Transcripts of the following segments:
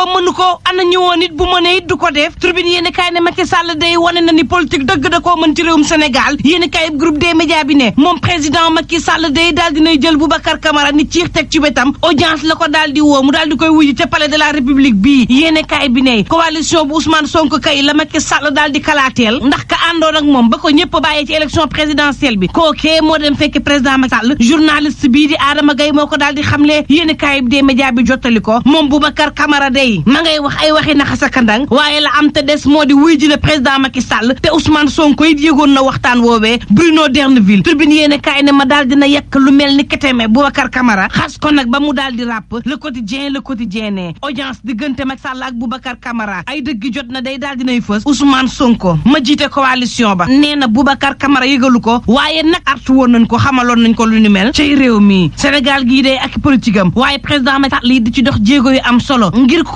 ko mënu ko ana ñëwoon it bu mënee it du ko def tribune yéeni kaay ne Macky Sall day wane na ni politique dëgg da koo mën ci réewum Sénégal yéeni kaay groupe des médias bi ne moom président Macky Sall day daal dinay jël Boubacar Camara ni teg ci wetam audience la ko daal di woo mu daal di koy wuyu ca pale de la république bi yéeni kaay bi ne coalition bu Ousmane Sonko kay la Macky Sall daal di kalaateel ndax ka àndoon moom ba ko ñëpp bàyyee ci élection présidentielle bi kookee moo dem fekk président Macky Sall journaliste bii di Adama Gaye moo ko daal di xamle yéeni kaay des médias bi jottali ko moom Boubacar Camara day tey ma ngay wax ay waxi naxa sakandang waaye la am te des moo di wuy ji le président Macky Sall te Ousmane Sonko it yëgoon na waxtaan woowee Bruno Derneville turbine yéen kaay ne ma daal dina yekk lu mel ni keteme Boubacar Camara xas ko nag ba mu daal di ràpp le quotidien le quotidien ne audience diggante Macky Sall ak Boubacar Camara ay dëgg jot na day daal dinay fës Ousmane Sonko ma jiite coalition ba nee na Boubacar Camara yëgalu ko waaye nag artu woon nañ ko xamaloon nañ ko lu ni mel ci réew mi Sénégal gii day ak politique am waaye président di ci dox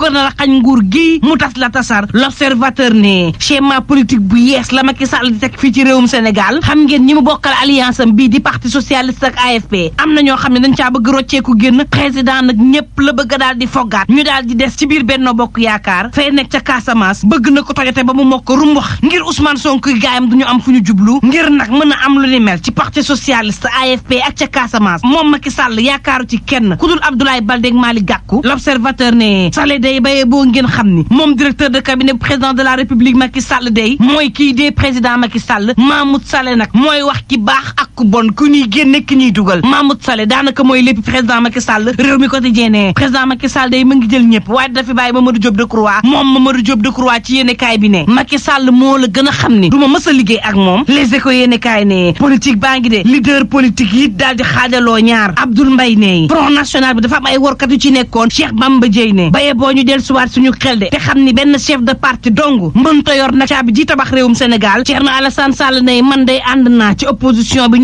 bëgg na la xañ nguur gi mu tas la tasar l'observateur ne schéma politique bu yees la Macky Sall di teg fii ci réewum Sénégal xam ngeen ñi mu bokkal alliance am bii di parti socialiste ak AFP am na ñoo xam ne caa bëgg rocceeku génn président nag ñëpp la bëgg daal di foggaat ñu daal di des ci biir Benno Bokk Yaakaar fay nekk ca Casamance bëgg na ko tojate ba mu mokk rum wax ngir Ousmane Sonko gaayam duñu am fu ñu jublu ngir nag mën a am lu ni mel ci parti socialiste AFP ak ca Casamance moom Macky Sall yaakaaru ci kenn ku dul Abdoulaye Baldé ak Malick Gakou l'observateur ne day bayee boo ngeen xam ni moom directeur de cabinet président de la république Macky Sall day mooy ki dee président Macky Sall Mahmoud Saleh nag mooy wax ki baax ku bon ku ñuy génne ki ñuy dugal Mahmoud Saleh daanaka mooy lépp président Macky Sall réew mi quotidien ne président Macky Sall day mu ngi jël ñëpp waaye dafa bàyyi Mamadou Diop Decroix moom Mamadou Diop Decroix ci yéene kaay bi ne Macky Sall moo la gën a xam ni du ma mës a liggéey ak moom les échos yéene kaay ne politique baa ngi de leader politique yi daal di xaajaloo ñaar Abdoul Mbaye ne front national bi dafa am ay workat yu ci nekkoon Cheikh Bamba Dièye ne baye boo ñu del suwaat suñu xel de te xam ni benn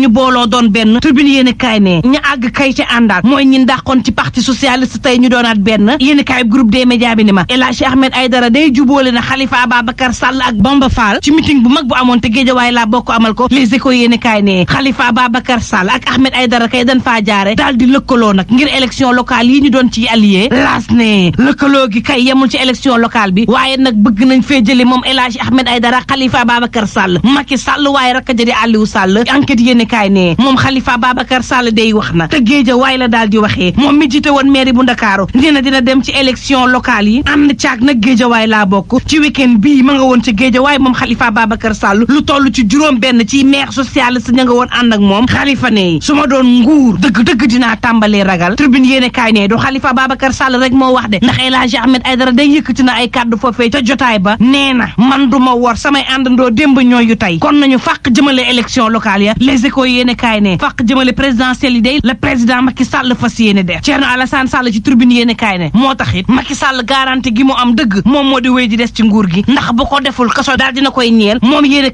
bi ñu booloo doon benn tribune yéen kaay ne ñu àgg kay ci àndaat mooy ñi dàqoon ci parti socialiste tey ñu doonaat benn yéen kaay groupe des médias bi ni ma El Hadji Ahmed Aïdara day jubóole na Khalifa Ababacar Sall ak Bamba Fall ci meeting bu mag bu amoon te géej waaye la bokk amal ko les échos yéen kaay ne Khalifa Ababacar Sall ak Ahmed Aïdara kay dañ faa jaare daal di lëkkaloo nag ngir élection local yi ñu doon ci allié laas ne lëkkaloo gi kay yemul ci élection locale bi waaye nag bëgg nañ fee jële moom El Hadji Ahmed Aïdara Khalifa Ababacar Sall Macky Sall waaye rakk jadi Aliou Sall enquête yéen kaay ne moom Khalifa Babacar Sall day wax na te géeja waaye la daal di waxee moom mi jiite woon mairie bu Ndakaaru nee na dina dem ci élection locale yi ànd caag nag géejawaay laa bokk ci week-end bii ma nga woon ci géejawaay moom Khalifa Babacar Sall lu toll ci juróom benn ci maire socialiste ña nga woon ànd ak moom Khalifa ne su ma doon nguur dëgg dëgg dinaa tàmbalee ragal tribune yéene kaay ne du Khalifa Babacar Sall rek moo wax de ndax El Hadji Ahmed Aïdara day yëkkati na ay kàddu foofee ca jotaay ba nee na man du wor samay àndandoo démb ñooyu tey kon nañu fàq jëmale élection locale ya ko yéene kaay ne faq jëmale présidentielle yi day la président Macky Sall fas yéene def Thierno Alassane Sall ci gi mu am dëgg moom moo di wéy di des ci nguur gi ndax bu ko deful kaso daal dina koy ñeel moom yéene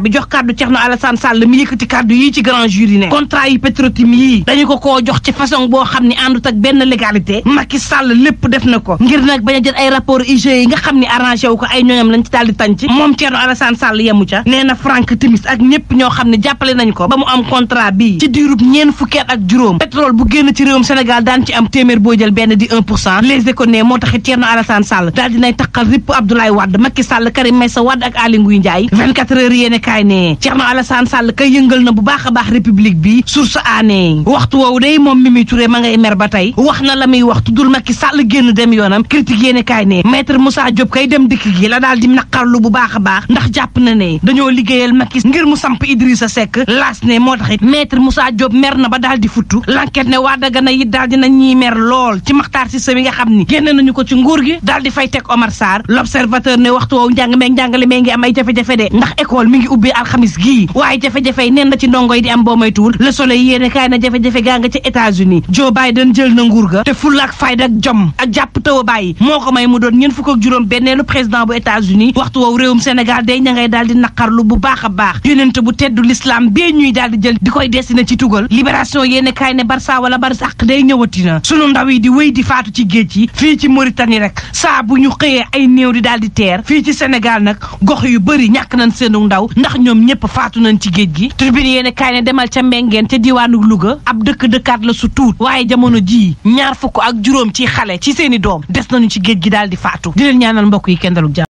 bi jox kàddu Thierno Alassane Sall mi yëkkati kàddu grand jury ne contrat yi Petro-Tim yii dañu ko koo jox ci façon boo xam ni àndut ak benn légalité Macky Sall lépp def na ko ngir nag bañ a jël ay rapport IGE yi nga xam ni arrangé wu ko ay ñooñam lañ ci di tànc moom Thierno Alassane Sall yemu ca nee na Franck Timis ak ñëpp ñoo xam ne jàppale nañ ko ba mu am contrat bi ci diirub ñeen fukki at ak juróom pétrole bu génn ci réewum Sénégal daan ci am téeméer boo jël benn di un pour cent les économies moo taxit Thierno Alassane Sall daal dinay taqal ripp Abdoulaye Wade Macky Sall Karim Meïssa Wade ak Aly Ngouille Ndiaye 24 heures yéene kaay ne Thierno Alassane Sall ka yëngal na bu baax a baax république bi source aanee waxtu woowu day moom mi Mimi Touré ma ngay mer ba tey wax na la muy wax tuddul Macky Sall génn dem yoonam critique yéene kaay ne maître Moussa Diop kay dem dikk gi la daal di naqarlu bu baax a baax ndax jàpp na ne dañoo liggéeyal Macky ngir mu samp Idrissa Seck laas ne moo taxit maître Moussa Diop mer na ba daal di futtu l'enquête ne waa Dagana yi daal dina ñii mer lool ci Makhtar Cissé bi nga xam ni génne nañu ko ci nguur gi dal di fay teg Omar Sarr l'observateur ne waxtu woowu njàng meeg njàngale mee ngi am ay jafe-jafe de ndax école mi ngi ubbi alxamis gii waaye jafe-jafe yi neen na ci ndongo yi di am boo moytuwul le soleil yéene kaay na jafe-jafe gaa nga ci États-Unis Joe Biden jël na nguur ga te fulla ak fayda ak jom ak jàpp tawa bàyyi moo ko may mu doon ñeent fukk ak juróom benneelu président bu États-Unis waxtu woowu réewum Sénégal day ña ngay daal di naqarlu bu a baax yonent bu teddu l'islam bi bii ñuy daal di jël di koy destiné ci tugal libération yéen kaay ne barça wala barsàq day ñëwati na sunu ndaw yi di wéy di faatu ci géej yi fii ci Mauritanie rek saa bu ñu xëyee ay néew di daal di teer fii ci senegal nag gox yu bëri ñàkk nañ seenu ndaw ndax ñoom ñëpp faatu nañ ci géej gi tribune yéen kaay ne demal ca Mbengeen ca diwaanu Louga ab dëkk dëkkaat la su tuut waaye jamono jii ñaar fukk ak juróom ci xale ci seeni doom des nañu ci géej gi daal di faatu di leen ñaanal yi kenn